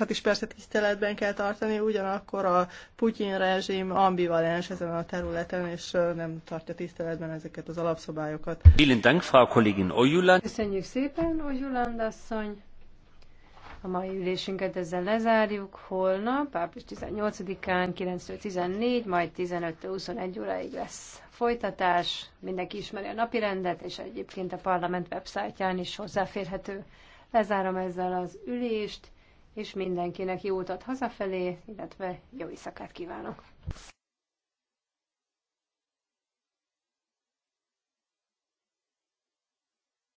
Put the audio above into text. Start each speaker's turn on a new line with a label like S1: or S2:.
S1: hát is persze tiszteletben kell tartani, ugyanakkor a Putyin rezsim ambivalens ezen a területen, és nem tartja tiszteletben ezeket az alapszabályokat. Köszönjük szépen, Ojuland asszony! A mai ülésünket
S2: ezzel lezárjuk. Holnap, április 18-án 9-14, majd 15-21 óráig lesz folytatás. Mindenki ismeri a napi rendet, és egyébként a parlament websájtján is hozzáférhető. Lezárom ezzel az ülést és mindenkinek jó utat hazafelé, illetve jó éjszakát kívánok!